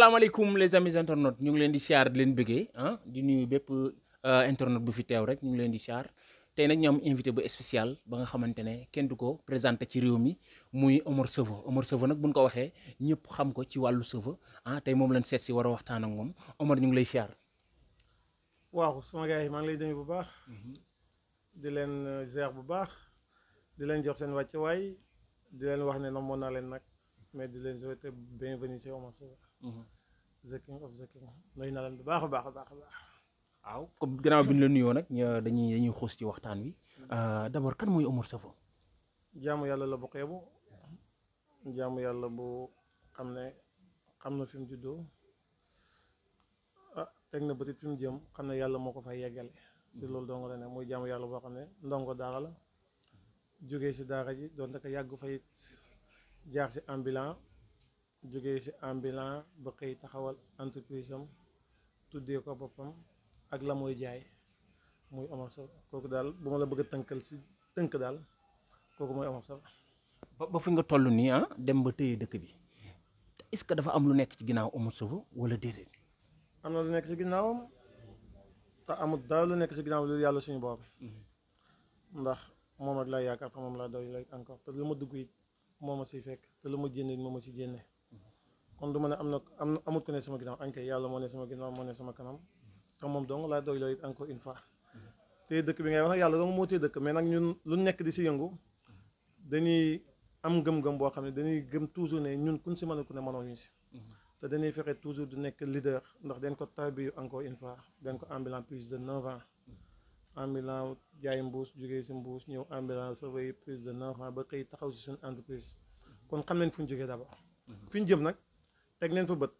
asalaamaaleykum les amis internautes ñu ngi leen di siyaar di leen bëggee ah di nuyu bépp euh, internaute bu fi teew rek ñu ngi leen di siyaar tey nag ñu am invité bu espécial ba nga xamante ne kenn du ko présenté ci réew mi muy Omar Cheveux Omar Cheveux nag bu buñ ko waxee ñëpp xam ko ci wàllu cheveux ah tey moom lañ seet si war a waxtaan ak moom omor ñu ngi lay siyaar. waaw sama gars yi maa ngi lay demee bu baax. Mhm. di leen euh, ziar bu baax di leen jox seen wàccuwaay di leen wax ne namoon naa leen nag mais di leen souhaiter bienvenue ci the king of the king nuyu na leen bu baax a baax a baax a baax. waaw comme gannaaw bi ñu la nuyoo nag dañuy dañuy xoos ci waxtaan wi euh, d'abord kan mooy Omar Safo. jaamu yàlla la bu yàlla bu xam ne xam na fi mu juddoo ah teg na bëtit fi mu jëm xam ne yàlla moo ko fay yeggale si loolu dong la ne muy jaamu yàlla boo xam ne ndongo daara la jógee si daara ji doon naka yàggu fa jaar si ambulant jógee si ambulant ba xëy taxawal entreprise am tuddee ko boppam ak la mooy jaay muy Omar Sow kooku daal bu ma la bëgg a tënkal si tënk daal kooku mooy Omar Sow nga toll nii ah dem ba dëkk bi est-ce que dafa am lu nekk ci ginnaaw Omar Sow wala déedéet. lu nekk ci ginnaawam te amul daal lu nekk ci ginnaaw yàlla suñu borom mm-hmm. ndax moom laa yaakaar te moom lu ma dugg it moo ma siy fekk te lu ma jënd moom ma si jénne kon du ma ne am na am amut ko ne sama ginnaaw ankay yàlla moo ne sama ginnaaw moo ne sama kanam te moom dong laa doy loo fois dëkk bi ngay wax yàlla dong moo tey dëkk mais nag ñun lu nekk di yëngu dañuy am gëm-gëm boo xam ne dañuy gëm toujours ne ñun kuñ si mënul ku ne mënoo ñu dañuy fexe toujours di nekk leader ndax den ko tarbiyu encore une fois den ko ambulant plus de 9 ans ambulant jaay mbuus jógee si mbuus ñëw ambulant surveiller plus de 9 ans ba xëy taxaw si suñu entreprise kon xam leen fu ñu jógee d'abord fi ñu jëm nag teg neen fa bët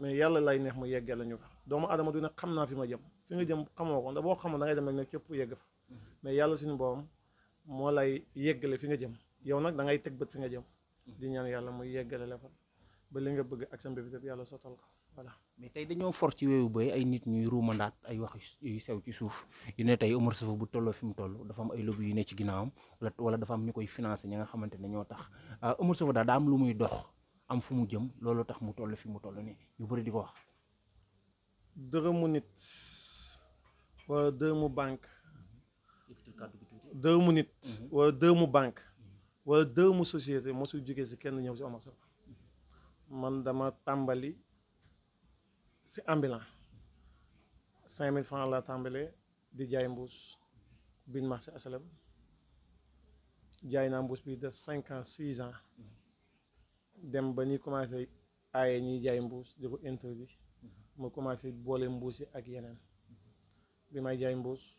mais yàlla lay neex mu yeggee la ñu fa doomu adama du ne xam naa fi ma jëm fi nga jëm xamoo ko ndax boo xamoon da ngay dem rek ne képp yegg fa mais yàlla suñu borom moo lay yeggale fi nga jëm yow nag dangay teg bët fi nga jëm di ñaan yàlla mu yeggale la fa ba li nga bëgg ak sa mbébét yàlla sottal ko voilà. mais tey dañoo for ci wéewu bay ay nit ñuy ruumandaat ay wax yu sew ci suuf yu ne tey Omar Chauffeur bu tolloo fi mu toll dafa am ay lobby yu ne ci ginnaawam wala dafa am ñu koy financé ñi nga xamante ne ñoo tax ah, Omar Chauffeur daal daa am lu muy dox am fu mu jëm loolu tax mu toll fi mu toll nii yu bëri di ko wax. dërëmu nit wala dërëmu banque. dërëmu mhm. wala dërëmu banque. wala dërëmu société mosul jógee si kenn ñëw si Omar Sow man dama tàmbali si ambulant cinq mille francs laa tàmbalee di jaay mbuus biñ marché asalem jaay naa mbuus bi de cinq ans six ans. Mhm. dem ba ñuy commencé aaye ñuy jaay mbuus di ko interdit ma commencé boole mbuus yi ak yeneen bi may jaay mbuus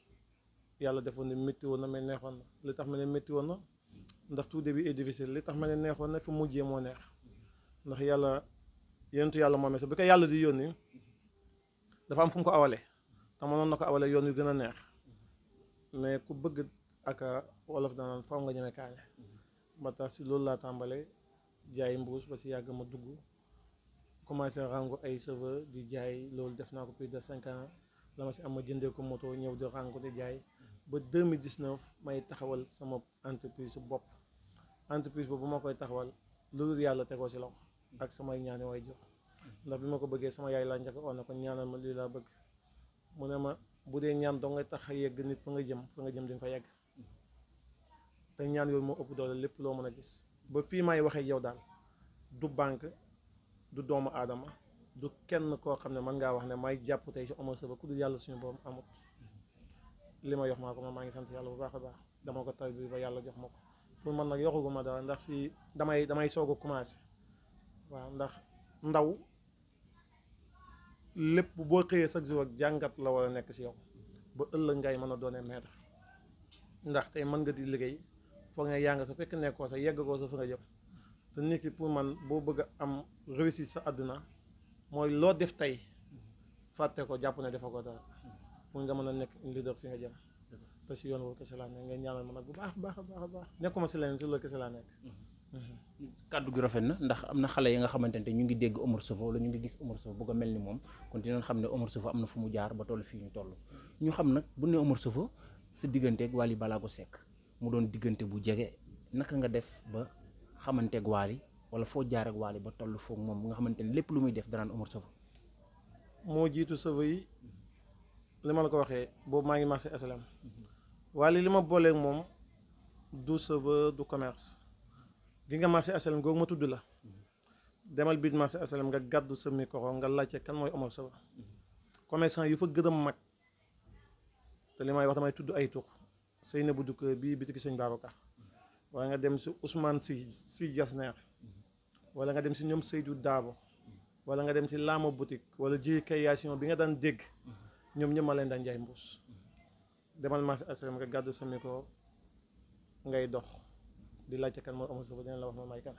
yàlla defoon ne métti woon na mais neexoon na li tax ma ne métti woon na ndax tout début est difficile li tax ma ne neexoon na fi mujjee moo neex ndax yàlla yenentu yàlla moomee sax bi ko yàlla di yónni dafa am fu mu ko awale te mënoon na ko awale yoon yu gën a neex mais ku bëgg ak wolof danaan faw nga ñeme kaane ba tax si loolu laa tàmbalee jaay mbuus ba si yàgg ma dugg commencé rango ay serveur di jaay loolu def naa ko plus de cinq ans la ma si am ma jëndee ko moto ñëw di rango di jaay ba 2019 may taxawal sama entreprise su bopp entreprise bu ma koy taxawal loolu yàlla tegoo si loxo ak samay ñaani way jox ndax bi ma ko bëggee sama yaay laa njëkk oo ko ñaanal ma lii laa bëgg mu ne ma bu dee ñaan doo nga tax a yegg nit fa nga jëm fa nga jëm di fa yegg te ñaan yooyu moo ëpp lépp loo mën a gis ba fii may waxee yow daal du banque du doomu aadama du kenn koo xam ne mën ngaa wax ne may jàpp tey si Omar Sëba ku dul yàlla suñu borom amut li ma yox maa ko man maa ngi sant yàlla bu baax a baax dama ko tarbi ba yàlla jox ma ko pour man nag yoxuguma dara ndax si damay damay soog a commencé waaw ndax ndaw lépp boo xëyee sa jour ak jàngat la war a nekk si yow ba ëllëg ngay mën a doonee maître ndax tey mën nga di liggéey foog ne yaa nga sa fekk nekkoo sa yeggagoo sa fa nga jëm te nit ki pour man boo bëgg am réussite sa àdduna mooy loo def tey fàtte ko jàpp ne defa ko pour nga mën a nekk leader fi nga jëm te si yoon boobu kese laa nekk nga ñaanal nag bu baax baax baax baax nekkuma si leneen si loolu kese laa nekk kàddu gi rafet na ndax am na xale yi nga xamante ne ñu ngi dégg Omar Sow wala ñu ngi gis Omar Sow bëgg mel ni moom kon dinañ xam ne Omar Sow am na fu mu jaar ba toll fii ñu toll ñu xam nag bu ne Omar Sow sa digganteeg Wally Ballago Seck mu doon diggante bu jege naka nga def ba xamanteeg waali wala foo jaar ak Wally ba toll foog moom nga xamante ne lépp lu muy def danaan Omar Cheveux moo jiitu Cheveux yi li ma la ko waxee boobu maa ngi marché SLM Wally li ma booleeg moom du Cheveux du commerce gi nga marché SLM googu ma tudd la demal biir marché SLM nga gàddu sa micro nga laajte kan mooy Omar Cheveux mhm. commerçant yu fa gën mag te li may wax damay tudd ay tur sëy na bu dugg bii bitiki sëñ Babacar wala nga dem si Ousmane si si Jasneer wala nga dem si ñoom Seydou Daabo wala nga dem si Lama boutique wala ji création bi nga daan dégg ñoom ñëpp leen daan jaay mbuus demal marché HLM nga gàddu sa ngay dox di laajte kan moo amul sa dina la wax ma may kan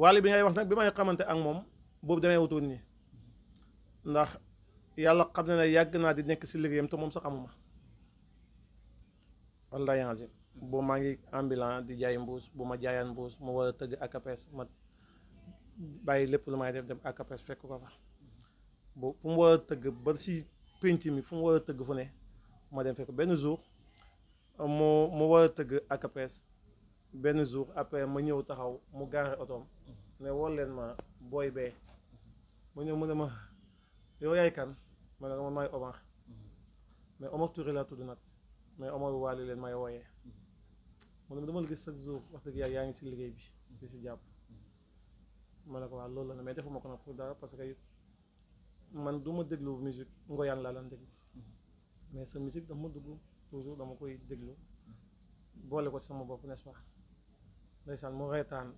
waale bi ngay wax nag bi may xamante ak moom boobu damay wutoon nii ndax yàlla xam na ne yàgg naa di nekk si liggéeyam te moom sax amuma wallaay azim bu maa ngi ambulant di jaay mbuus bu ma jaayaan mbuus mu war a tëgg akapes ma bàyyi lépp lu may def dem akapes fekk ko fa bu fu mu war a tëgg ba si pénc mi fu mu war a tëgg fu ne ma dem fekk benn jour mu mu war a tëgg akapes benn jour après ma ñëw taxaw mu gaare otoom ne woo ma booy bee mu ñëw mu ne yow yaay kan ma ne ko man maay mm-hmm. mais Omar Touré laa tudd nag mais Omar Waly leen may wooyee mu dama la gis chaque jour wax dëgg yàlla yaa ngi si liggéey bi di si jàpp ma ne ko waa loolu la mais defuma ko nag pour dara parce que man du ma déglu musique lan déglu mais sa musique dugg toujours dama koy déglu boole ko sama bopp n'est-ce pas ndeysaan mu reetaan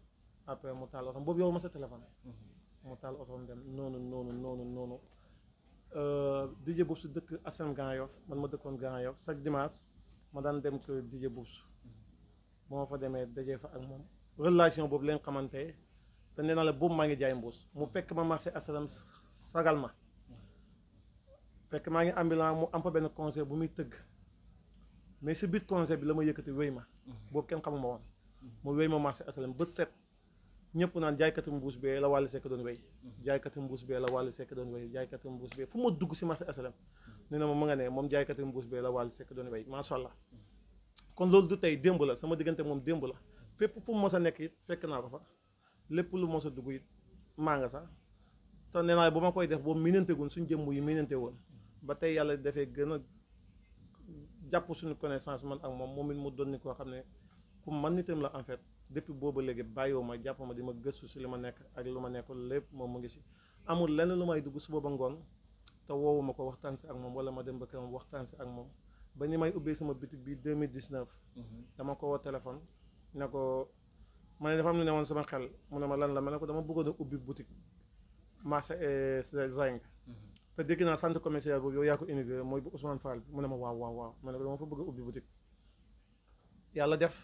après mu taal otom boobu yow ma sa téléphone mm-hmm. mu taal otom dem noonu noonu noonu noonu Euh, DJ Boubs dëkk Assane Grand man ma dëkkoon Grand Yoff chaque dimanche ma daan dem kër DJ Boubs bu ma fa demee dajee fa ak moom relation boobu leen xamante te nee naa la boobu maa ngi jaay mbuus mu fekk ma marché asalam sagal ma fekk maa ngi ambulant mu am fa benn concert bu muy tëgg mais si biir concert bi la ma yëkkati wéy ma mm-hmm. boobu kenn xamuma woon mu wéy ma marché asalam bët set ñépp naan jaaykatu mbuus bee la wàllu sekk doon wéy jaaykatu mbuus bee la wàllu sekk doon wéy jaaykatu mbuus bee fu ma dugg si marché SLM nee na ma ma nga ne moom jaaykatu mbuus bee la wàllu sekk doon wéy macha allah kon loolu du tey démb la sama diggante moom démb la fépp fu mu mos a nekk it fekk naa ko fa lépp lu mos a dugg yi maa nga sax te nee naa bu ma koy def boobu miinante gun suñ jëmm yi miinantee woon ba tey yàlla dafee gën a jàpp suñu connaissance man ak moom moom it mu doon ni koo xam ne ku man nitam la en fait depuis boobu léegi bàyyiwu ma jàpp ma di ma gëstu si li ma nekk ak lu ma nekkul lépp moom mu ngi si amul lenn lu may dugg suba ba ngoon te woowu ma ko waxtaan si ak moom wala ma dem ba kanam waxtaan si ak moom ba ni may ubbee sama bitig bi 2019. dama ko woo téléphone ne ko ma ne am lu ne woon sama xel mu ne ma lan la ma ne ko dama bëggoon a ubbi boutique marché euh, Zinc. te dégg naa centre commercial boobu yow yaa ko inauguré mooy bu Ousmane Fall mu ne ma waaw waaw waaw ma ne ko dama fa bëgg a ubbi boutique yàlla def.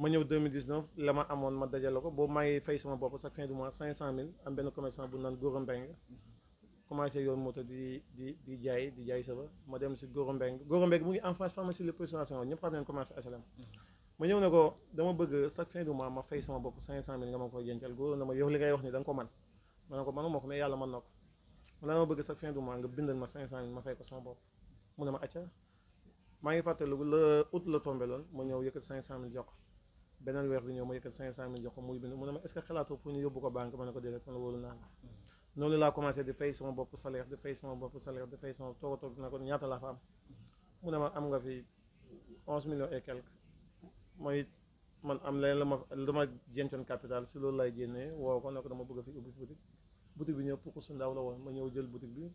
ma ñëw 2019 la ma amoon ma dajale ko boobu maa ngi fay sama bopp chaque fin du mois 500000 am benn commerçant di jaay di jaay ma dem si Goro Mbeng mu ngi en face pharmacie le président Senghor ñëpp xam nañu commencé SLM ma ñëw ne ko dama bëgg chaque fin du ma fay sama bopp 500000 nga ma koy jëncal góor na ma yow li ngay wax ni da ma ne ko manuma ko mais ma ne ko sama bopp mu ne ma acca maa ngi fàttaliku le août la tombé lool ma ñëw yëkkat 500000 jox beneen weer bi ñëw ma yëkkat cinq cent mille jox ko muy bind mu ne ma est ce que xalaatoo pour ñu yóbbu ko banque ma ne ko déedéet man wóolu naa la noonu laa commencé di fay sama a ko ñaata laa am mu ne ma am nga fi onze millions man am leen la ma la ma jencoon capital si loolu laay génnee woo ko ne ko dama bëgg a fi ubbi boutique boutique bi ñëw pour su ndaw la woon ma ñëw jël boutique bi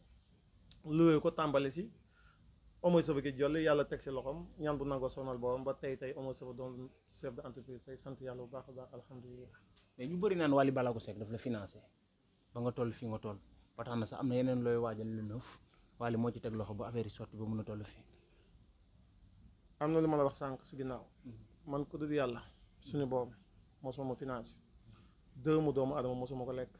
loué ko tàmbali si Oumar Sëfa gi jolli yàlla teg si loxoom ñaan bu nangoo sonal boobam ba tey tey Oumar Sëfa doon chef de entreprise say sant yàlla bu baax a baax alhamdulilah. mais ñu bëri naan Wally Ballago Seck daf la financé ba nga toll fii nga toll ba tax na sax am na yeneen looy waajal lu neuf Wally moo ci teg loxo ba affaire yi sotti ba mën a toll fii. na lu ma la wax sànq si ginnaaw. Mhm. man ko dul yàlla suñu boobu mosuma ma financé dërëmu doomu adama mosuma ko lekk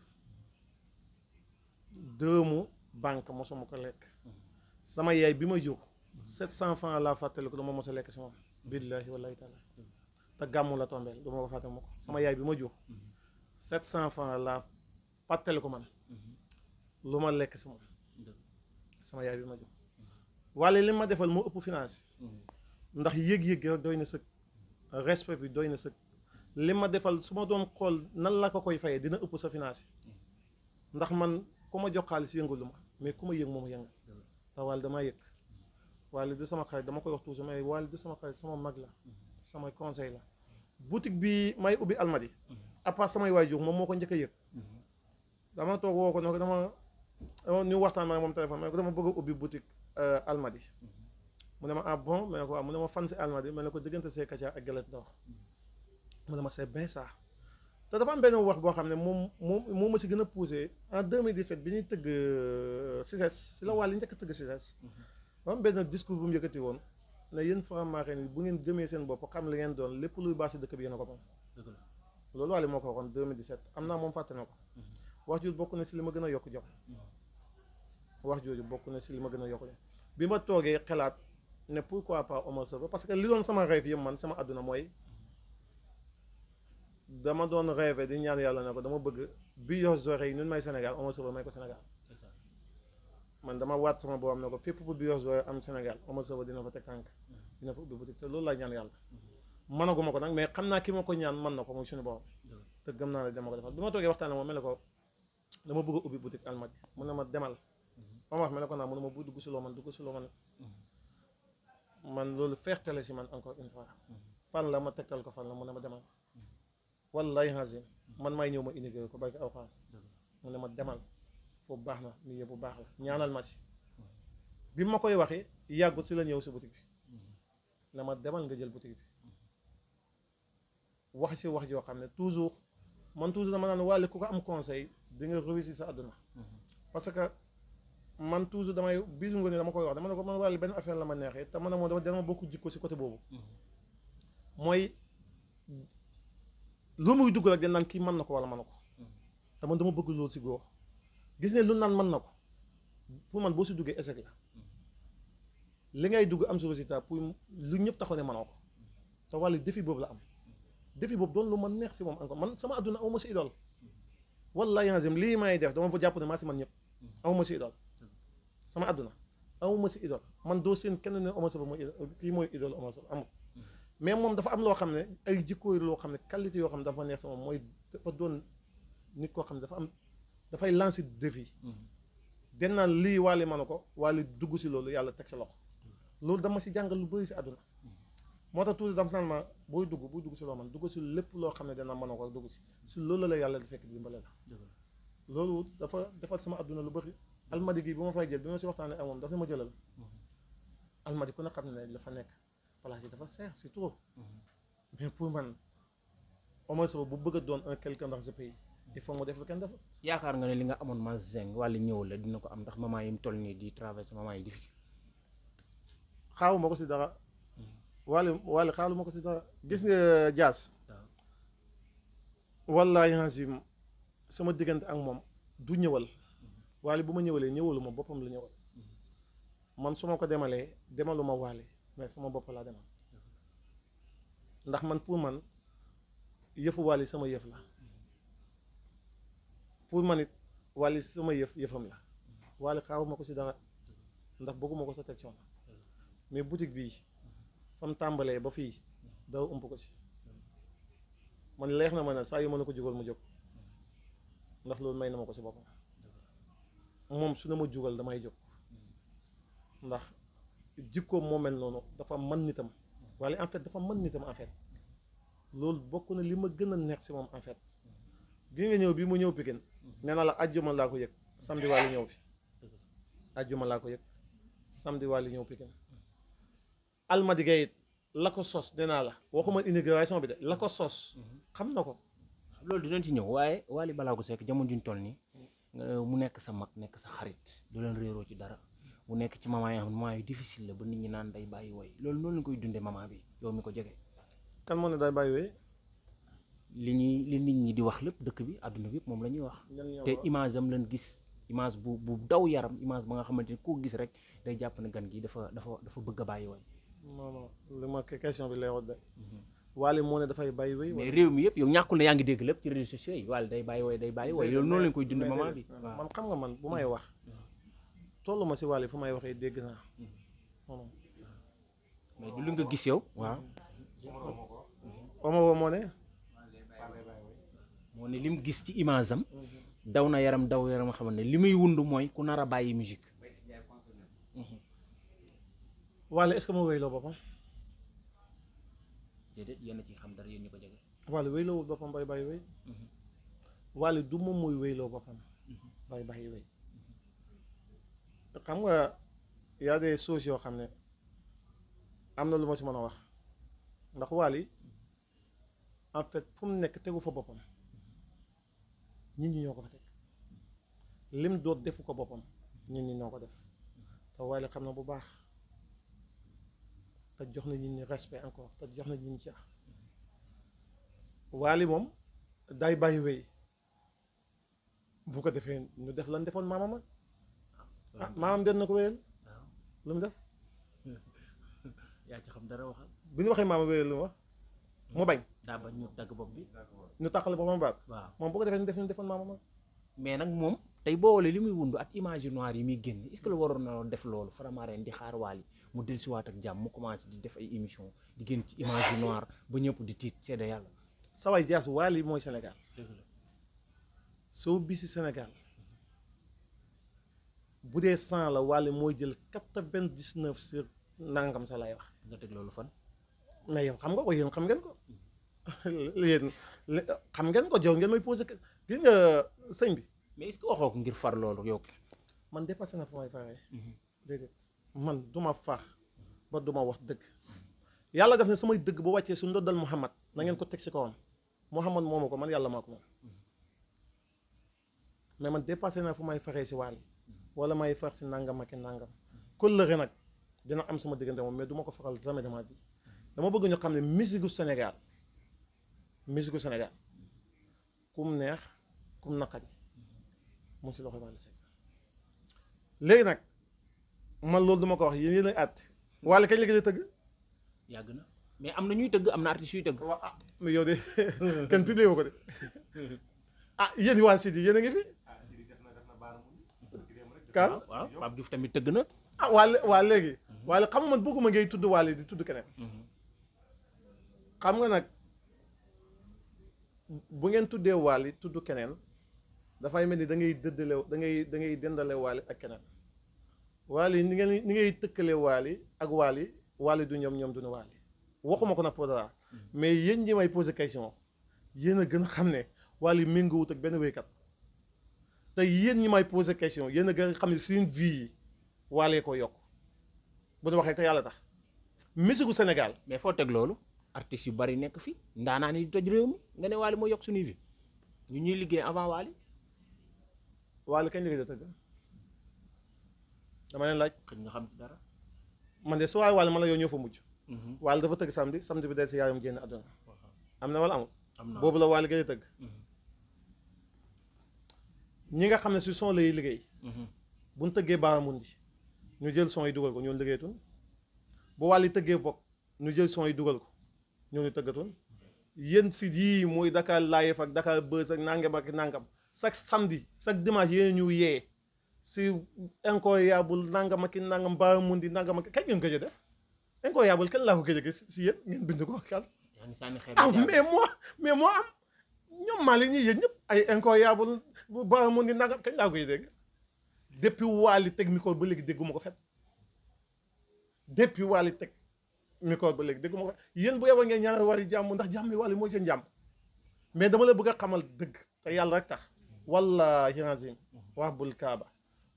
dërëmu banque mosuma ko lekk mhm. sama yaay bi ma jur. 700 francs laa fàttaliku dama mos a lekk si moom. billaahi wallaahi taala te gàmmu la tombeel du ma ko ma ko sama yaay bi ma jur. 700 francs laa fàttaliku man. lu ma lekk si moom. sama yaay bi ma jur. walla li ma defal moo ëpp finance. ndax yëg-yëg rek doy na sëg. respect bi doy na sëg. li ma defal su ma doon xool nan la ko koy fayee dina ëpp sa finance. ndax man ku ma jox xaalis lu ma mais ku ma yëng moom yëngal. te damaa yëg. waale du sama xarit dama koy wax toujours mais waale du sama xarit sama mag la sama conseil la boutique bi may ubbi almadi à part samay waajur moom moo ko njëkk a yëg dama toog woo ko ne ko dama dama ñu waxtaan ma moom téléphone ne ko dama bëgg a ubbi boutique euh, almadi mu ne ma ah bon ma ne mu ne ma fan si almadi ma ne ko diggante see kacaar ak galet ndox mu ne ma c'est bien ça te dafa am benn wax boo xam ne moom moom moo ma si gën a poussé en 2017 bi ñuy tëgg euh, CICES si la wàll njëkk a tëgg CICES am benn discours bu mu yëkkati woon ne yéen franc-maçon yi bu ngeen gëmee seen bopp xam li ngeen doon lépp luy baax si dëkk bi yéen a ko moom loolu moo ko waxoon am naa moom fàtte ko mhm. wax jooju bokk na si li ma gën a yokk jom mhm. wax jooju bokk na si li ma gën a yokk jom bi ma toogee xalaat ne pourquoi pas Omar Sène parce que li doon sama rêve yëpp man sama àdduna mooy dama doon rêve di ñaan yàlla ne ko dama bëgg bi yor zoré yi ñun may Sénégal Omar ko Sénégal man dama waat sama borom na ko fépp fu Brioche Dorée am Sénégal Omar Sèvre dina fa teg tànk dina fa ubbi boutique te loolu laa ñaan yàlla mënaguma ko nag mais xam naa ki ma ko ñaan man na ko mooy suñu borom te gëm naa ne dama ko defal bi ma toogee waxtaan moom ne ko dama bëgg a ubbi boutique almaj mun na ma demal mhm. Omar mel naa ko naa mënuma bu dugg si loo man dugg si loo man mhm. man loolu feextale si man encore une fois mhm. fan la ma tegtal ko fan la mun na ma demal wallahi hazim man may ñëw ma ko barki aw mu ne ma demal foofu baax na milieu bu baax la ñaanal ma si bi ma koy waxee yàggut si la ñëw si boutique bi na ma demal nga jël boutique bi wax si wax joo xam ne toujours man toujours dama naan wàlle am conseil di nga réussir sa àdduna parce que man toujours damay bisu nga ne dama koy wax dama ko man wàlle benn affaire la ma neexee man a moom dama dama bokk jikko si côté boobu mooy lu muy dugg rek den mën na ko wala mën na ko te man dama bëgg loolu si góor gis ne lu naan man na ko pour man boo si duggee échec la li ngay dugg am si résultat pour lu ñëpp taxaw ne mënoo ko te wàllu défi boobu la am defi boobu doon lu man neex si moom encore man sama adduna aw ma si idole wallaahi yanzim lii may def dama ko jàpp ne maa man ñëpp ma si idole sama adduna aw ma si idole man doo seen kenn ne Omar Sall mooy kii mooy idole Omar Sall mais moom dafa am loo xam ne ay jikko loo xam ne qualité yoo xam ne dafa neex si moom mooy dafa doon nit koo xam ne dafa am. dafay lancer défi. den naan lii waale mën na ko waale dugg si loolu yàlla teg sa loxo loolu dama si jàngal lu bëri si àdduna moo tax toujours dama naan ma booy dugg booy dugg si loo dugg si lépp loo xam ne dana mën a ko dugg si si loolu la yàlla di fekk dimbale la loolu dafa defal sama àdduna lu bëri almadi gi bu ma fay jël bi ma si waxtaanee ak moom daf ne ma jëlal almadi ku ne xam ne dafa nekk place yi dafa seer c'est trop mais pour man au moins bu bëgg doon un quelqu'un dans ce pays il faut mu def lu kenn defut. yaakaar nga ne li nga amoon ma zeng wala ñëw la dina ko am ndax ma yi mu toll nii di traversé maman yi difficile. xaawu ma ko si dara. wala wala xaalu ma ko si dara gis nga jaas. Euh, wallaay azim sama diggante ak moom du ñëwal. Mhm. waale bu ma ñëwalee ñëwalu ma boppam la ñëwal. Mhm. man su ma ko demalee demalu ma waale mais sama bopp laa demal. Mhm. ndax man pour man yëfu waale sama yëf la. pour man it wàlli sama yëf yëfam la wàlli xaaru ko si dara ndax bëgguma ko sa teg coono mais boutique bii fam tàmbalee ba fii dara ëmp ko si man leex na ma ne saa yu mën na ko jugal mu jóg ndax loolu may na ma ko si boppam moom su na ma jugal damay jóg ndax jikkoom moo mel noonu dafa man nitam wala en dafa mën nitam en fait loolu bokk na li ma gën a neex si moom en fait gi nga ñëw bi mu ñëw Pikine nee na la ajjuma laa ko yëg samedi waa ñëw fi ajjuma laa ko yëg samedi waa li ñëw Pikine almadi la ko sos nee la waxuma inauguration bi de la ko na ko loolu dinañ ci ñëw waaye Wally Ballago Seck jamono juñ toll nii euh, mu nekk sa mag nekk sa xarit du leen réeroo ci dara mu nekk ci maman yoo xam maman yu difficile la ba nit ñi naan day bàyyi woy loolu noonu koy dundee maman bi yow mi ko jege kan moo ne day bàyyi woy li ñuy li nit ñi di wax lépp dëkk bi àdduna bi yëpp moom la ñuy wax. te image am lañ gis image bu bu daw yaram image ba nga xamante ni koo gis rek day jàpp ne gan gi dafa dafa dafa bëgg a bàyyi way. non non li ma question bi lay wax de. Mhm. Wally ne dafay bàyyi réew mi yëpp yow ñàkkul yaa ngi dégg lépp ci réseaux sociaux day bàyyi way day bàyyi way loolu noonu lañ koy dund moment bi. man xam man bu may mhm. wax. Mhm. tollu ma si Wally fu may waxee dégg naa. mais du nga gis yow. waaw. Omo moo ne. moo ne lim gis ci image daw na yaram daw yaram xam ne li muy wund mooy ku nar a bàyyi musique Wally est-ce boppam déedéet ci xam dara yéen ko jege Wally wéyloowul boppam bay bàyyi wéy du moom mooy wéyloo boppam bay bàyyi wéy xam nga y a des yoo xam ne am na lu ma si mën a wax ndax Wally en fait fu nekk tegu fa boppam nit ñi ñoo ko fa teg lim doot defu ko boppam nit ñi noo ko def te Wally xam na bu baax te jox na nit ñi respect encore te jox na nit ñi caax Wally moom day bàyyi wéy bu ko defee ñu def lan defoon maamam ak ah, ah maamam den na ko wéyal lu mu def yaa ci xam dara waxal bu ñu waxee maamam wéyal lu mu mu bañ. daa bañ ñu dagg bopp bi. ñu tàqale boppam ba waaw moom boo ko defee ñu def ñu defoon maama ma. mais nag moom tey boole li muy wund ak image noire yi muy génn est ce que lu waroon na def loolu Faramareen di xaar waali mu dellusiwaat ak jàmm mu commencé di def ay émission di génn ci image noire ba ñëpp di tiit seede yàlla. saway jaas waali mooy Sénégal. dëgg la soo bisi Sénégal bu dee 100 la waali mooy jël 99 sur nangam sa laay wax. nga teg loolu fan. mais yow xam nga ko yéen xam ngeen ko yéen xam ngeen ko jow ngeen may posé gis nga sëñ bi. mais est-ce ngir far loolu yow. man dépassé na fu may faree. Mhm. déedéet man du ma far ba du ma wax dëgg. yàlla def ne samay dëgg bu wàccee su ndoddal Muhammad na ngeen ko teg si kawam Muhammad moomu ko man yàlla maa ko moom mais naa fu may faree si wàll wala may far si nangam ak i nangam. kóllëre nag dina am sama diggante moom mais du ma ko faral jamais dama di. dama bëgg ñu xam ne musique gu Sénégal musique gu Sénégal kum neex kum naqari mu si loxo Wally Seck léegi nag man loolu duma ko wax yéen yéen a at Wally kañ la gëj tëgg. yàgg na mais am na ñuy tëgg am naa artistes yuy tëgg. waaw ah yow de ko de ah waa Sidi yéen a ngi fi. Ah, tamit tëgg na. ah waa waa léegi. Wally xam man bëgguma ngay tudd Wally di tudd keneen. Mm-hmm. xam nga nag bu ngeen tuddee Wally tudd keneen dafay mel ni da ngay dëddale da ngay da ngay dendale Wally ak keneen Wally ni ngeen ni ngay tëkkale Wally ak Wally Wally du ñoom ñoom duñu Wally waxuma ko nag Podor mais yéen ñi may posé question yéen a gën xam ne Wally méngoowut ak benn wéykat te yéen ñi may pose question yéen a gën a xam ne seen vie yi Wally ko yokk bu ñu waxee ko yàlla tax musique gu Sénégal. mais foo teg loolu. artistes yu bari nekk fi ndaanaan yi toj réew mi nga ne Wally moo yokk suñuy vie ñu ñuy liggéey avant Wally. Wally kañ liggéey da tëgg dama leen laaj. man de su waay Wally man la yow ñëw fa mujj. Mhm. Wally dafa tëgg samedi samedi bi day si yaayam génn àdduna. am na wala amul. boobu la Wally gëj tëgg. Mhm. ñi nga xam ne si son lay liggéey. Mhm. bu ñu tëggee baaraamundi ñu jël son yi dugal ko ñoom liggéeyatuñ bu Wally tëggee bokk ñu jël son yi dugal ko. ñoo ñu tëggatoon yéen si yii mooy Dakar Live ak Dakar Buzz ak nangam ak nangam chaque samedi chaque dimanche yéen ñu yee si incroyable nangam ak nangam ba mun di nangam ak kañ ngeen ko def incroyable kenn laa ko gëj a si yéen ngeen bind ko kan. ah mais moo mais moo am ñoom maa leen ñuy yéen ñëpp ay incroyable ba mun nangam kañ laa koy dégg depuis Wally teg micro ba léegi dégguma ko fet depuis Wally teg. micro ba léegi dégguma ko yéen bu yeboo ngeen war wari jàmm ndax jàmm yi wàllu mooy seen jàmm mais dama la bëgg a xamal dëgg te yàlla rek tax wallaahi azim wax bul kaaba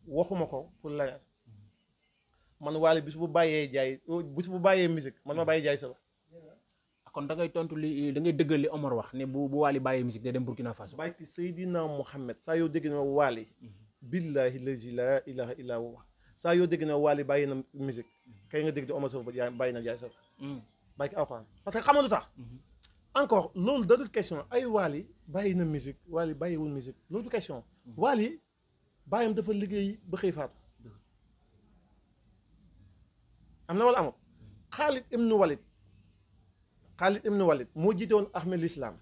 waxuma ko pour leneen man wàllu bis bu bàyyee jaay bis bu bàyyee musique man ma bàyyi jaay sa kon da ngay tontu li da ngay dëggal li Omar wax ne bu bu Wally bàyyee musique day dem Burkina Faso. barki Seydina Mohamed saa yoo dégg na Wally mhm. billaahi lazi laa ilaaha illaa huwa saa yoo dégg na Wally bàyyi na musique kay nga dégg di Omar Sow ba jaay bàyyi na jaay Sow. Mm. bàyyi ko alxuraan parce que xamoon lu tax. Mm-hmm. encore loolu da dul question ay Wally bàyyi na musique Wally bàyyiwul musique loolu du question. Mm-hmm. Wally bàyyam dafa liggéey ba xëy faatu. Mm-hmm. am na wala moo jiite woon Ahmed l'Islam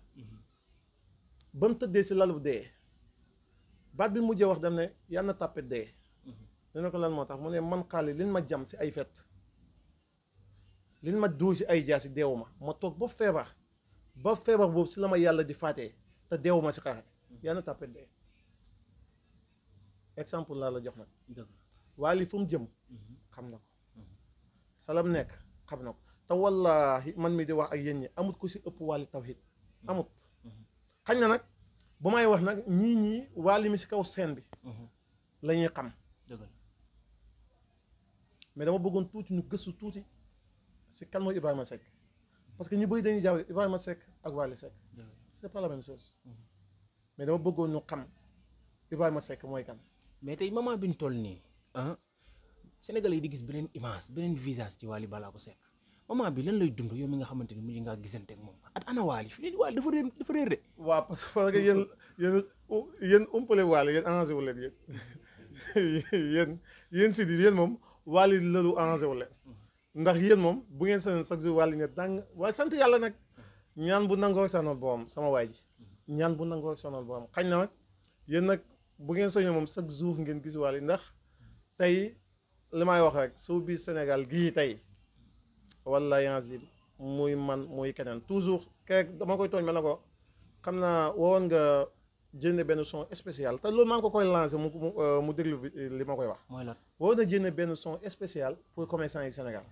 ba mu tëddee si lalu dee baat bi mujjee wax dam ne yàlla na tàppe dee. dina ko lan moo tax mu ne man Khalid liñ ma jam si ay fet li ma duu si ay si deewuma ma toog ba feebar ba feebar boobu si la ma yàlla di faatee te deewuma si xare yàlla na tàppet dee exemple laa la jox nag waa lii mu jëm mhm. xam na ko mu nekk xam na ko te wallaahi man mi di wax ak yéen yi amut ku si ëpp wàlli tawhid mhm. amut mhm. xañ na nag ba may wax nag ñii ñii wàlli mi si kaw seen bi la xam mais dama bëggoon tuuti ñu gëstu tuuti c'est kan mooy Ibrahima Seck parce que ñu bëri dañuy jaaw Ibrahima Seck ak Wally Seck c'est pas la même chose mhm. mais dama bëggoon ñu xam ma sekk mooy kan. mais tey moment bi ñu toll nii ah Sénégalais yi di gis beneen image beneen visage ci balaa Ballago Seck moment bi lan lay dund yow mi nga xamante ni mu ngi ngaa gisante ak moom at ana Wally fii Wally dafa réer dafa réer de. waaw parce que parce que yéen yéen umpale Wally yéen arrangé wu leen yéen yéen yéen si lu arrangé wu ndax yéen moom bu ngeen sañoon chaque jour wàllu ne dàng waaye sant yàlla nag ñaan bu nangoo boo am sama waay ji ñaan bu nangoo boo am xañ na nag yéen nag bu ngeen soño moom chaque jour ngeen gis wàll ndax tey li may wax rek suuf biir Sénégal gii tey wala yangi muy man muy keneen toujours keek dama koy tooñ ma ne ko xam naa woon nga jënd benn son spécial te loolu maa ngi ko koy lancé mu mu euh, déglu euh, li ma koy wax. mooy lan war na jënd benn son spécial pour commerçant yi Sénégal.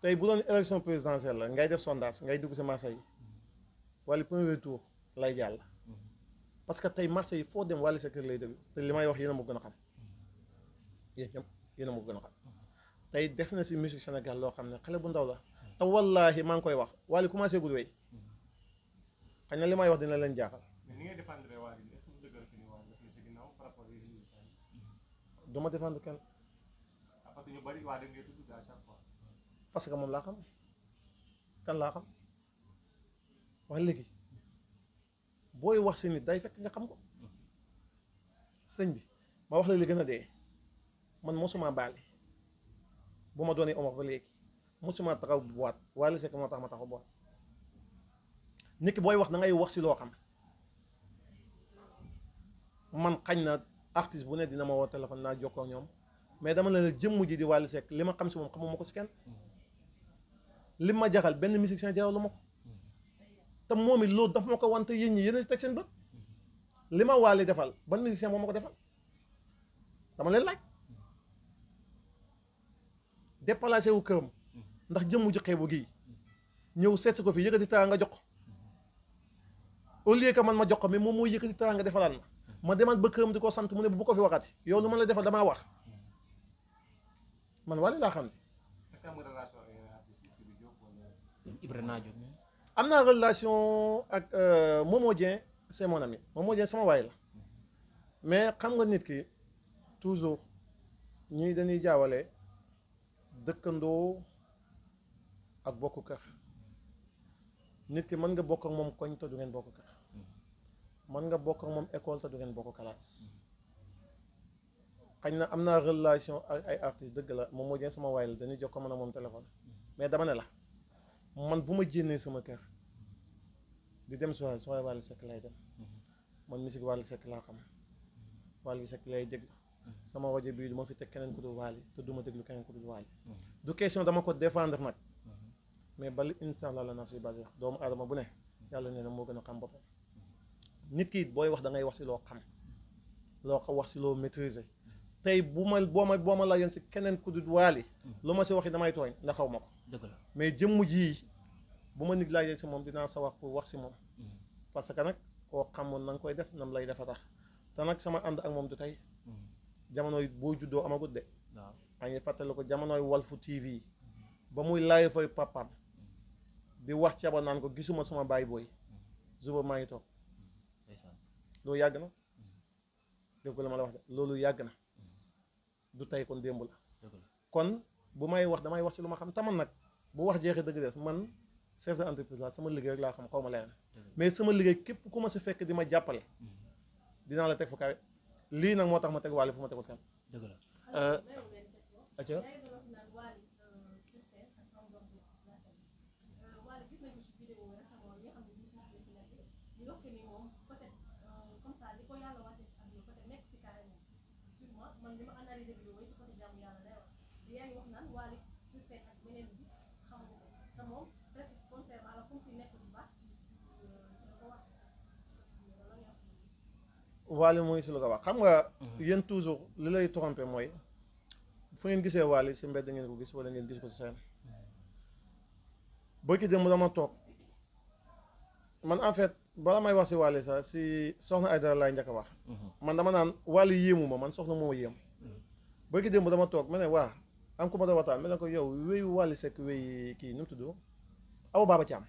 tey bu doon élection présidentielle la ngay def sondage ngay dugg si marché yi mm-hmm. wala premier tour lay jàll. Mm-hmm. parce que tey marché yi foo dem wàllu sa kër lay déglu te li may wax yéen a gën a xam mm-hmm. yéen ñëpp yéen gën a xam tey def na si musique Sénégal loo xam ne xale bu ndaw la te wallaahi maa ngi koy wax wala commencé guddi wey. xañ na li may wax dina leen jaaxal. du ma défendre kenn. Ah, parce que moom laa xam kan laa xam wax léegi booy wax si nit day fekk nga xam ko sëñ bi ma wax la li gën a dee man mosuma baale bu ma doonee Omar ba léegi mosuma taxaw bu waat waaye li sekk moo tax ma taxaw bu waat nit booy wax da ngay wax si loo xam man xañ na artiste bu ne dina ma woo téléphone naa jox jokkoo ñoom mais dama ne la di Wally Seck li ma xam si moom xamuma ko si kenn ma jaxal benn musicien jaral lu ko te moom it loolu dafa ma ko wante yéen ñi yéen a seen bët li ma Wally defal ban musicien moo ma ko defal dama leen laaj déplacé wu këram ndax jëmm ji xeebu gii ñëw seet si ko fi yëkkati taa nga jox au lie que man ma jox ko mais moom mooy yëkkati teraanga defalaat ma ma demaat ba këram di ko sant mu ne bu ko fi waxati yow lu ma la defal damaa wax man wala laa xam ne am naa relation ak euh, Momo Dieng c'est mon ami sama waay la mais xam nga nit ki toujours ñii dañuy jaawale dëkkandoo ak bokk kër nit ki mën nga bokk moom koñ te du ngeen bokk man nga bokk moom école te du ngeen bokk classe xañ na am naa relation ak ay artistes dëgg la moom moo jëm sama waay la dañuy jox ko mën a moom téléphone mais dama ne la man bu ma jénnee sama kër di dem soirée soirée Wally Seck lay dem man musique Wally Seck laa xam Wally Seck lay dégg sama rajo bii du ma fi teg keneen ku dul Wally te duma ma déglu keneen ku dul Wally du question dama ko défendre nag mais bal insaan la la naf si basé doomu aadama bu ne yàlla nee na moo gën a xam boppam nit kii booy wax dangay wax si loo xam loo ko wax si loo maîtriser tey bu ma boo ma boo ma laajoon si keneen ku dul waali lu ma si waxi damay tooñ ndax xaw ma ko. dëgg mais jëmm jii bu ma nit laajoon si moom dinaa sawar pour wax si moom. Mm-hmm. parce que nag koo xamoon na koy def nam lay defa tax te nag sama ànd ak moom du tey. Mm-hmm. jamonoy boo juddoo amagut de. waaw maa ngi fàttali ko jamonoy Walfu TV ba muy laajee fay papaam mm-hmm. di wax ca ba naan ko gisuma sama baay booy. suba maa ngi toog. loolu yàgg na dégg la ma la wax loolu yàgg na mm-hmm. du tey kon démb la kon bu may wax damay wax ci lu ma xam taman nag bu wax jeexee dëgg des man chef de entreprise la sama liggéey rek laa xam xaw ma leneen mais sama liggéey képp ku ma si fekk di ma jàppale mm-hmm. dinaa la teg fu kawe lii nag moo tax ma teg wàlle fu ma tegul kenn Wally mooy si lu ko wax xam nga. Mhm. yéen toujours li lay trompé mooy fu ngeen gisee Wally si mbedd ngeen ko gis wala ngeen gis ko si seen boo ki dem dama toog man en fait bala may wax si Wally sax si soxna Aïdara laay njëkk a wax. Mhm. man dama naan Wally yéemu ma man soxna moo yéem. Mhm. boo ki dem dama toog ma ne waa am ku ma doon waxtaan ma ne ko yow wéy Wally Seck wéy kii nu mu tudd Awa Baba Thiam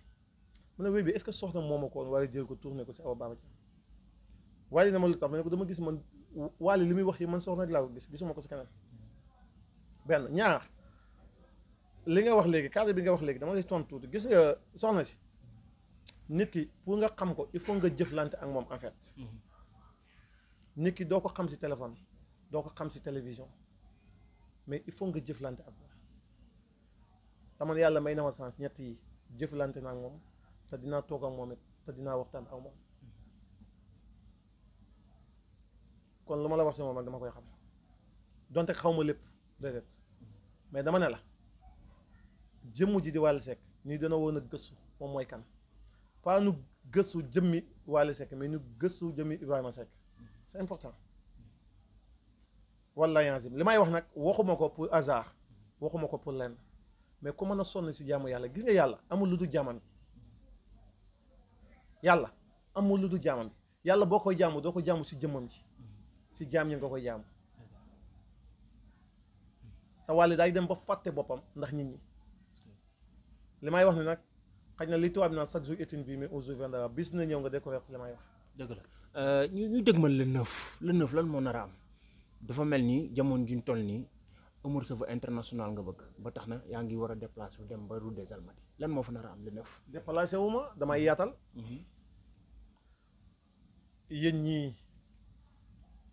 ma ne wéy bi est-ce que soxna moomu ko woon wala jël ko tourné ko si Awa Baba Thiam. waaye dama lu tax ma ne ko dama gis man waale li muy wax yi man soxna rek laa ko gis gisuma ko si kanam benn ñaar li nga wax léegi cadre bi nga wax léegi dama lay tontu tuuti gis nga soxna si nit ki pour nga xam ko il faut nga jëflante ak moom en fait mm-hmm. nit ki doo ko xam si téléphone doo ko xam si télévision mais il faut nga jëflante ak yàlla may na ma sens ñett yi jëflante naa ak moom te dinaa toog ak moom it te dinaa waxtaan ak moom kon lu ma la wax si moom rek dama koy xam donte xaw ma lépp déedéet mais dama ne la jëmm ji di wàll Seck nii dana woon a gëstu moom mooy kan pas nu gëstu jëmmi Wally Seck mais nu gëstu jëmmi Ibrahima Seck c'est important wallahi azim li may wax nag waxuma ko pour hasard waxuma ko pour lenn mais ku mën a sonn si jàmm yàlla gis nga yàlla amul lu du jaaman yàlla amul lu du jaaman yàlla boo koy jàmm doo ko jàmm si jëmmam ji ci jaam ñi nga koy jaam te daay dem ba fàtte boppam ndax nit ñi li may wax ni nag xaj na li tubaab naan chaque jour est une mais aujourd'hui bis na ñëw nga découvrir li may wax. dëgg la euh, ñu ñu dëgmal le neuf le neuf lan moo nar a am dafa mel ni jamono juñ toll nii amul sa international nga bëgg ba tax na yaa ngi war a déplacé wu dem ba route des Almadies lan moo fa nar a am le neuf. déplacé wu ma damay yaatal. Mhm. yéen ñii.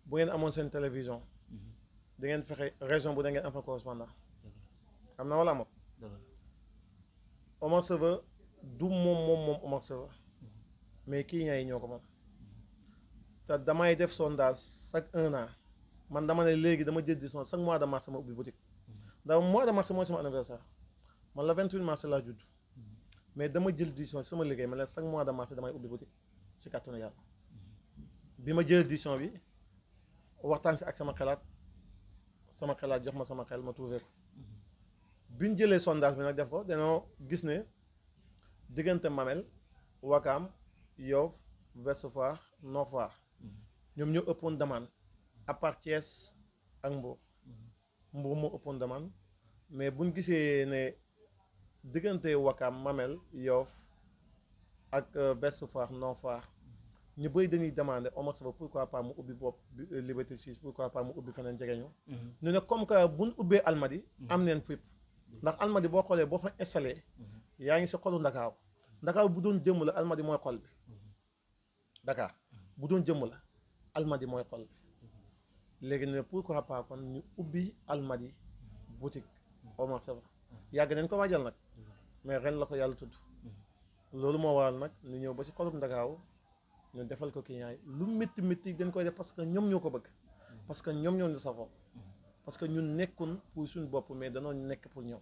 bu ngeen amoon seen télévision mhm. da ngeen fexe région bu da ngeen am fa correspondant am na wala amut Omar Sèvre du moom moom moom Omar Sèvre mhm. mais kii ñaay ñoo ko moom te damay def sondage chaque un an man dama ne léegi dama jël di son chaque mois de mars ma ubbi boutique mhm. ndax mois de mars mooy sama anniversaire man la 28 mars laa mais dama jël décision son sama liggéey ma ne chaque mois de mars damay ubbi boutique ci kàttanu yàlla bi ma jël décision bi waxtaan si ak sama xelaat sama xalaat jox ma sama xel ma trouvé ko bi ñu jëlee sondage bi nag def ko danoo gis ne diggante Mamel Wakaam Yoff Ouest Foire Nord Foire ñoom ñoo ëppoon demande à ak Mbour Mbour moo ëppoon demande mais bu ñu gisee ne diggante Wakaam Mamel Yoff ak euh, Ouest Foire Nord Foire ñu bëri dañuy demander Omar Saba pourquoi pas mu ubbi bopp Liberté 6 pourquoi pas mu ubbi feneen jege ñu. Mhm. ñu ne comme que bu ñu ubbee Almadi. Mhm. am neen fépp ndax Almadi boo xoolee boo fa installé. Mhm. yaa ngi si xolu Ndakaaw Ndakaaw bu doon jëmm la Almadi mooy xol bi bu doon jëmm la Almadi mooy xol bi léegi ne pourquoi pas kon ñu ubbi Almadi boutique Omar Saba yàgg nañ ko waajal nag mais ren la ko yàlla tudd loolu moo waral nag ñu ñëw ba si xolum Ndakaaw. ñu defal ko client yi lu métti métti dañ koy def parce que ñoom ñoo ko bëgg parce que ñoom ñoo ñu safoo parce que ñun nekkoon pour suñu bopp mais danoo nekk pour ñëw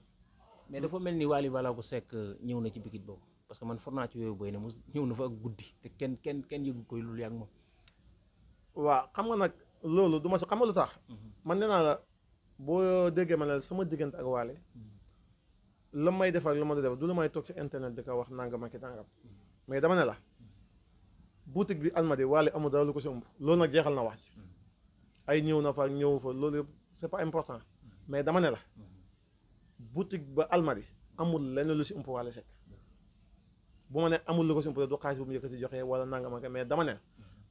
mais dafa mel ni Wally Ballago Seck euh, ñëw na ci bikit boobu parce que man for ci booy ne mu ñëw na fa guddi te kenn kenn kenn yëgu koy loolu yàgg moom. xam nga nag loolu du ma si lu tax. Mhm. man nee naa la boo déggee ma ne la sama diggante ak waale mhm. la may def defar lu ma def du la may toog si internet di ko wax nangam ak i nangam mhm. mais dama ne la. boutique bi almadi waale amul dara lu ko si ëmb loolu nag jeexal na wax ci ay ñëw na fa ñëw fa loolu yëpp c'est pas important mais dama ne la boutique ba almadi amul lenn lu si ëmb waale sekk bu ma ne lu ko si ëmb du xaalis bu mu wala nangam mais dama ne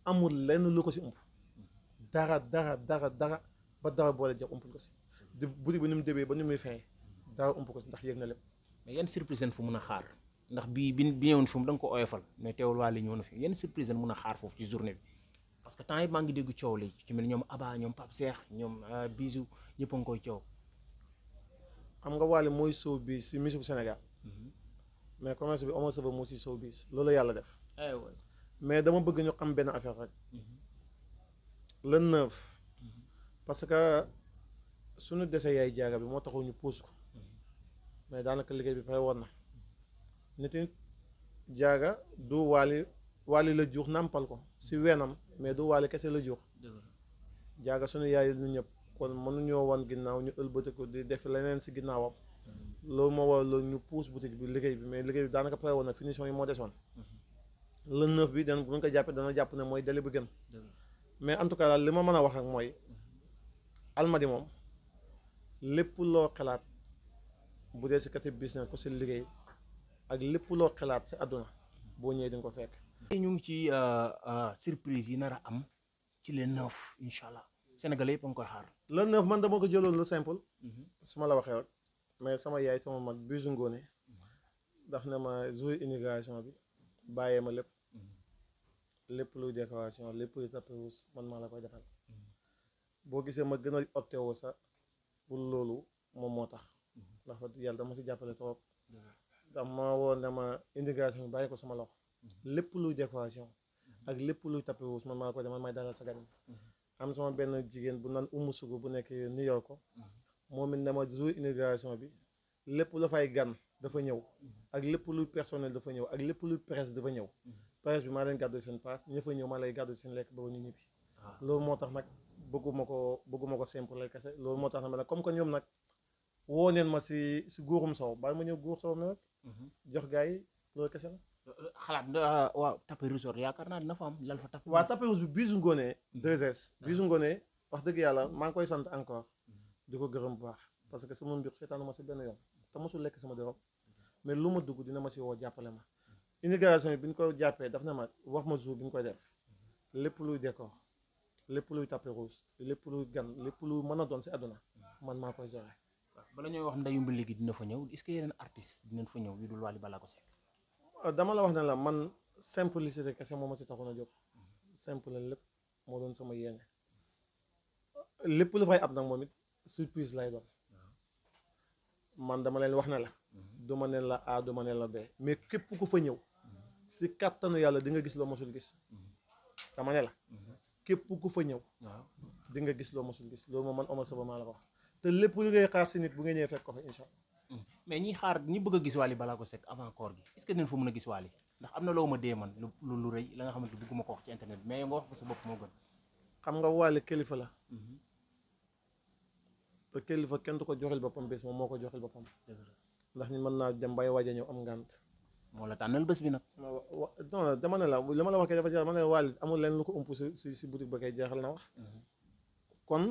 amul lenn lu ko si ëmb dara dara dara dara ba dara boole jox ëmb ko si di boutique bi ni mu débee ba nu muy fin dara ëmb ko si ndax yëg na lépp. mais yan surprise fu mun a xaar. ndax bii bi bi ñëwoon fi mu da nga ko oyofal mais teewul waa li ñëw na fi yenn surprise lañ mën a xaar foofu ci journée bi parce que temps yi maa ngi dégg coow li ci mel ñoom Aba ñoom Pape Cheikh ñoom euh, Bijou ñëpp xam nga Wally mooy showbiz si musique Sénégal mhm. mais commerce bi Oumar moo si showbiz loolu yàlla def. Eh mais dama bëgg ñu xam benn affaire rek. Mhm. Mhm. parce que suñu dese yaay jaaga bi moo taxu ñu pousse mais daanaka liggéey bi pare woon na. nit jaaga du waali waali la juux nàmpal ko si weenam mais du waali kese la juux jaaga suñu yaay ñu ñëpp kon mënuñoo wan ginnaaw ñu ëlbati ko di def leneen si ginnaawam loolu moo waral loolu ñu pousse boutique bi liggéey bi mais liggéey bi daanaka pare woon na finition yi moo desoon le bi dan bu ñu ko jàppee dana jàpp ne mooy délai bu gën mais en tout cas daal li ma mën a wax ak mooy almadi moom lépp loo xalaat bu dee si côté business ko si liggéey ak lépp loo xalaat si àdduna boo ñëwee di ko fekk. ñu ngi ci euh, euh, surprise yi nar a am ci le neuf incha yëpp a ngi koy xaar. le neuf man dama ko jëloon lu simple. Mhm. su ma la waxee mais sama yaay sama mag bisu ngoone daf na ma jour inauguration bi bàyyee ma lépp mhm. lépp luy décoration lépp luy tapis man maa la koy defal mhm. boo gisee ma gën a opté woo loolu moom moo tax. ndax yàlla dama si jàppale trop. dama woon dama intégration bi bàyyi ko sama loxo mhm. lépp luy décoration ak lépp luy tapis rouge man maa ko demal may dalal sa gan mhm. am sama benn jigéen bu nan umu sugu bu nekk New York ko mhm. moom it ma jour intégration bi lépp la fay gan dafa ñëw ak lépp luy personnel dafa ñëw ak lépp luy presse dafa ñëw presse bi maa leen gàddu seen paas ña ñëw maa lay gàddu seen lekk ba ñu ñibbi ah. loolu moo tax nag bëgguma ko bëgguma ko simple lay kese loolu moo tax nag comme que ñoom nag woo neen ma si si guurum soow bàyyi ma ñëw guur soow mi rek Mm-hmm. jox gars yi loolu kese xalaat euh, waaw tapis resort yaakaar naa dina fa am lal fa tapis. waaw tapis rouge bi bisu ngoone 2S mm-hmm. ah. bisu ngoone wax dëgg yàlla maa ngi koy sant encore mm-hmm. di ko gërëm bu baax parce que sama mbir seetaan ma si benn yoon te mosul lekk sama dërëm mais lu ma dugg dina ma si woo jàppale ma immigration bi ñu ko jàppee daf na ma wax ma jour bi ñu koy def lépp luy décor lépp luy tapis rouge lépp luy gan lépp luy mën a doon si àdduna man maa koy gérer bala ñooy wax ndeyum ba léegi dina fa ñëw is ce que yeneen artiste dinañ fa ñëw yu dul Wally ko Seck euh, dama la wax ne la man simplicité kese moo ma si taxoon a jóg simple lépp moo doon sama yéene lépp lu fay ab nag lay doon man dama leen wax ne la du ma ne la A du ma ne la B mais képp ku fa ñëw si kàttanu yàlla di nga gis loo mosul gis dama ne la képp ku fa ñëw di nga gis loo mosul gis loolu moo man Omar Saba maa la ko wax te lépp lu ngay xaar si nit bu ngeen ñëwee fekk ko fa incha mm. mais ñi xaar ñi bëgg a gis Wally balaa ko Seck avant koor gi est ce que dinañ a gis Wally ndax am na loo ma dee man lu lu rëy la nga xamante ne bëgguma ko wax ci internet bi mais nga wax xam nga Wally kilifa la. Mm-hmm. te kilifa kenn du ko joxil boppam bés moom moo ko joxil boppam. ndax ñun mën naa dem bay waaj a am ngànt. moo la tànnal bés bi nag. non dama ne la li ma la wax waxee dafa jeexal ma ne Wally amul leen lu ko ump si si si boutique ba kay jeexal na wax. Mm-hmm. kon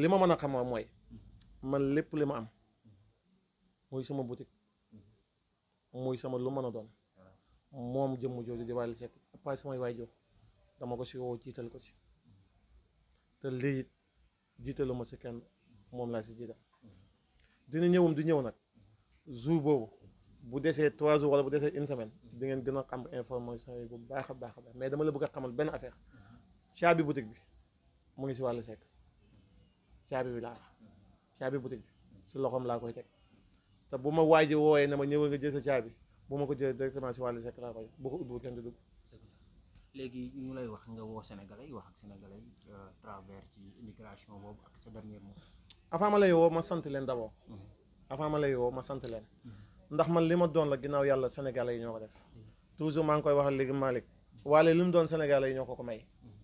li ma mën a xam mooy man lépp li ma am mooy sama boutique muy sama lu mën a doon moom jëmm jooju di wàll Seck pas samay waay jox dama ko si woo jiital ko si te lii jiitaluma si kenn moom laa si jiital dina ñëwum di ñëw nag jour boobu bu desee trois jours wala bu desee une semaine di ngeen gën a xam information yi bu baax a baax a baax mais dama la bëgg a xamal benn affaire caabi boutique bi mu ngi si wàll Seck caabi bi laa wax caabi boutique bi si loxoom laa koy teg te bu ma waaj a woowee ne ma ñëwal nga jël sa caabi bu ma ko jëlee directement si wàllu sec laa koy bu ko ubbiwul kenn du dugg. léegi ñu lay wax nga woo Sénégalais yi wax ak Sénégalais yi euh, ci immigration boobu sa dernier mot. avant ma lay woo ma sant leen d' abord. Mm-hmm. avant ma lay woo ma sant leen. Mm-hmm. ndax man li ma doon la ginnaaw yàlla Sénégalais yi ñoo ko def. toujours maa ngi koy wax léegi Malick. waale li mu doon Sénégalais yi ñoo ko ko may. Mm-hmm.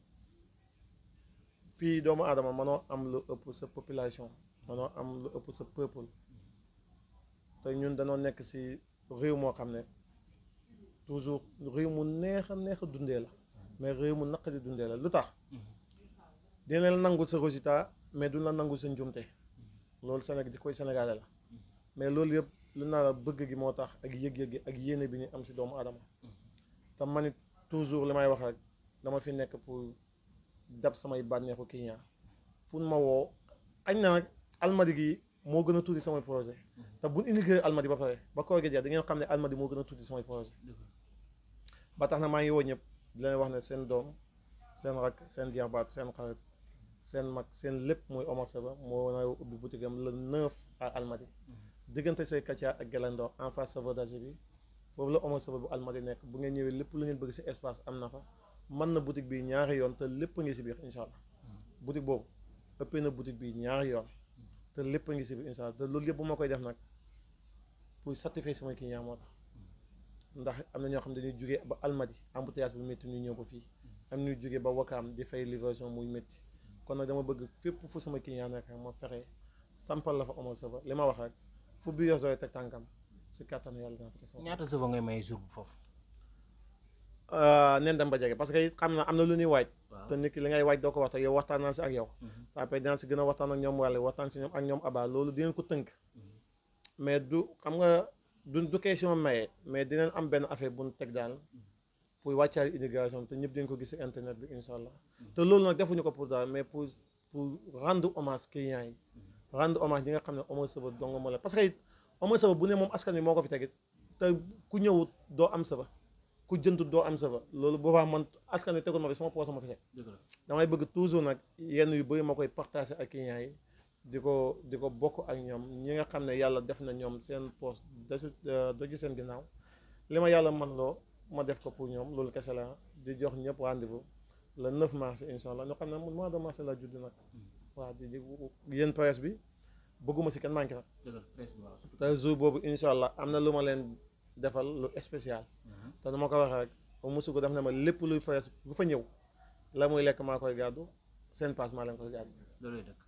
fii doomu aadama mënoo am lu ëpp sa population. danoo am lu ëpp sa peuple te ñun danoo nekk si réew moo xam ne toujours réew mu neex a neex dundee la mais réew mu naqari dundee la lu tax dina nangu sa résultat mais du la nangu sa njumte loolu Sénégal ji koy sénégalais la mais loolu yëpp lu naa la bëgg gi moo tax ak yëg-yëg gi ak yéene bi ñu am si doomu aadama te ma it toujours li may wax rek dama fi nekk pour dab samay bànneexu kii ñaar fu ma woo añ na nag almadi gi moo gën a tuuti samay projet te bu ñu inauguré almadi ba pare ba koor gi jeex da xam ne almadi moo gën a tuuti samay projet ba tax na maa ngi woo ñëpp di wax ne seen doom seen rak seen jabaat seen xarit seen mag seen lépp mooy Omar Seba moo war a ubbi boutique am le 9 à almadi diggante say Katia ak Gelando en face Saveur bi foofu la Omar Seba bu almadi nekk bu ngeen ñëwee lépp lu ngeen bëgg si espace am na fa mën na boutique bi ñaari yoon te lépp ngi si biir incha allah boobu ëppee na boutique bi ñaari yoon. te lépp a ngi si biir incha te loolu yëpp bu ma koy def nag pour satisfaire sama client moo tax ndax am na ñoo xam ne dañuy jóge ba almadi embouteillage bu métti ñu ñëw ko fii am ñuy jóge ba wakaam di fay livraison muy métti kon nag dama bëgg fépp fu sama client nekk ma fexe sampal la fa amal sa li ma wax rek fu bi yos doy teg tànkam si kattan yàlla dina fa ñaata sa ngay may jour bu foofu. Euh, nen dem ba jege parce que xam na am na lu ñuy waaj te nit ki li ngay waaj doo ko wax te yow waxtaan naa si ak yow mhm. après dinaa si gën a waxtaan ak ñoom wàlle waxtaan si ñoom ak ñoom aba loolu dinañ ko tënk mhm. mais du xam nga du du question maye mais dinañ am benn affaire bu ñu teg daal mhm. pour wàccaari immigration te ñëpp dañ ko gis si internet bi incha allah te loolu nag defuñu ko pour daal mais pour pour rendre hommage clients yi rendre hommage ñi nga xam ne homo saba donga moo la parce que homo saba bu ne moom askan bi moo ko fi tegit te ku ñëwut doo am saba ku jëntu doo am safa loolu boobaa man askan wi tegoon ma fi sama poche ma fi nekk damay bëgg toujours nag yenn yu bëri ma koy partager ak clients yi di ko di ko bokk ak ñoom ñi nga xam ne yàlla def na ñoom seen poche daju euh, seen ginnaaw li ma yàlla man loo ma def ko pour ñoom loolu kese la di jox ñëpp rendez-vous le 9 mars incha allah ñoo xam ne mois de mars la judd nag hmm. waaw di yéen presse bi bëgguma si kenn manqué nag te jour boobu incha allah am na lu ma leen defal lu spécial hmm. te ma ko waxee rek ba musu ko def ne ma lépp luy fa bu fa ñëw la muy lekk maa koy gàddu seen paas maa leen koy gàddu. loolu dëkk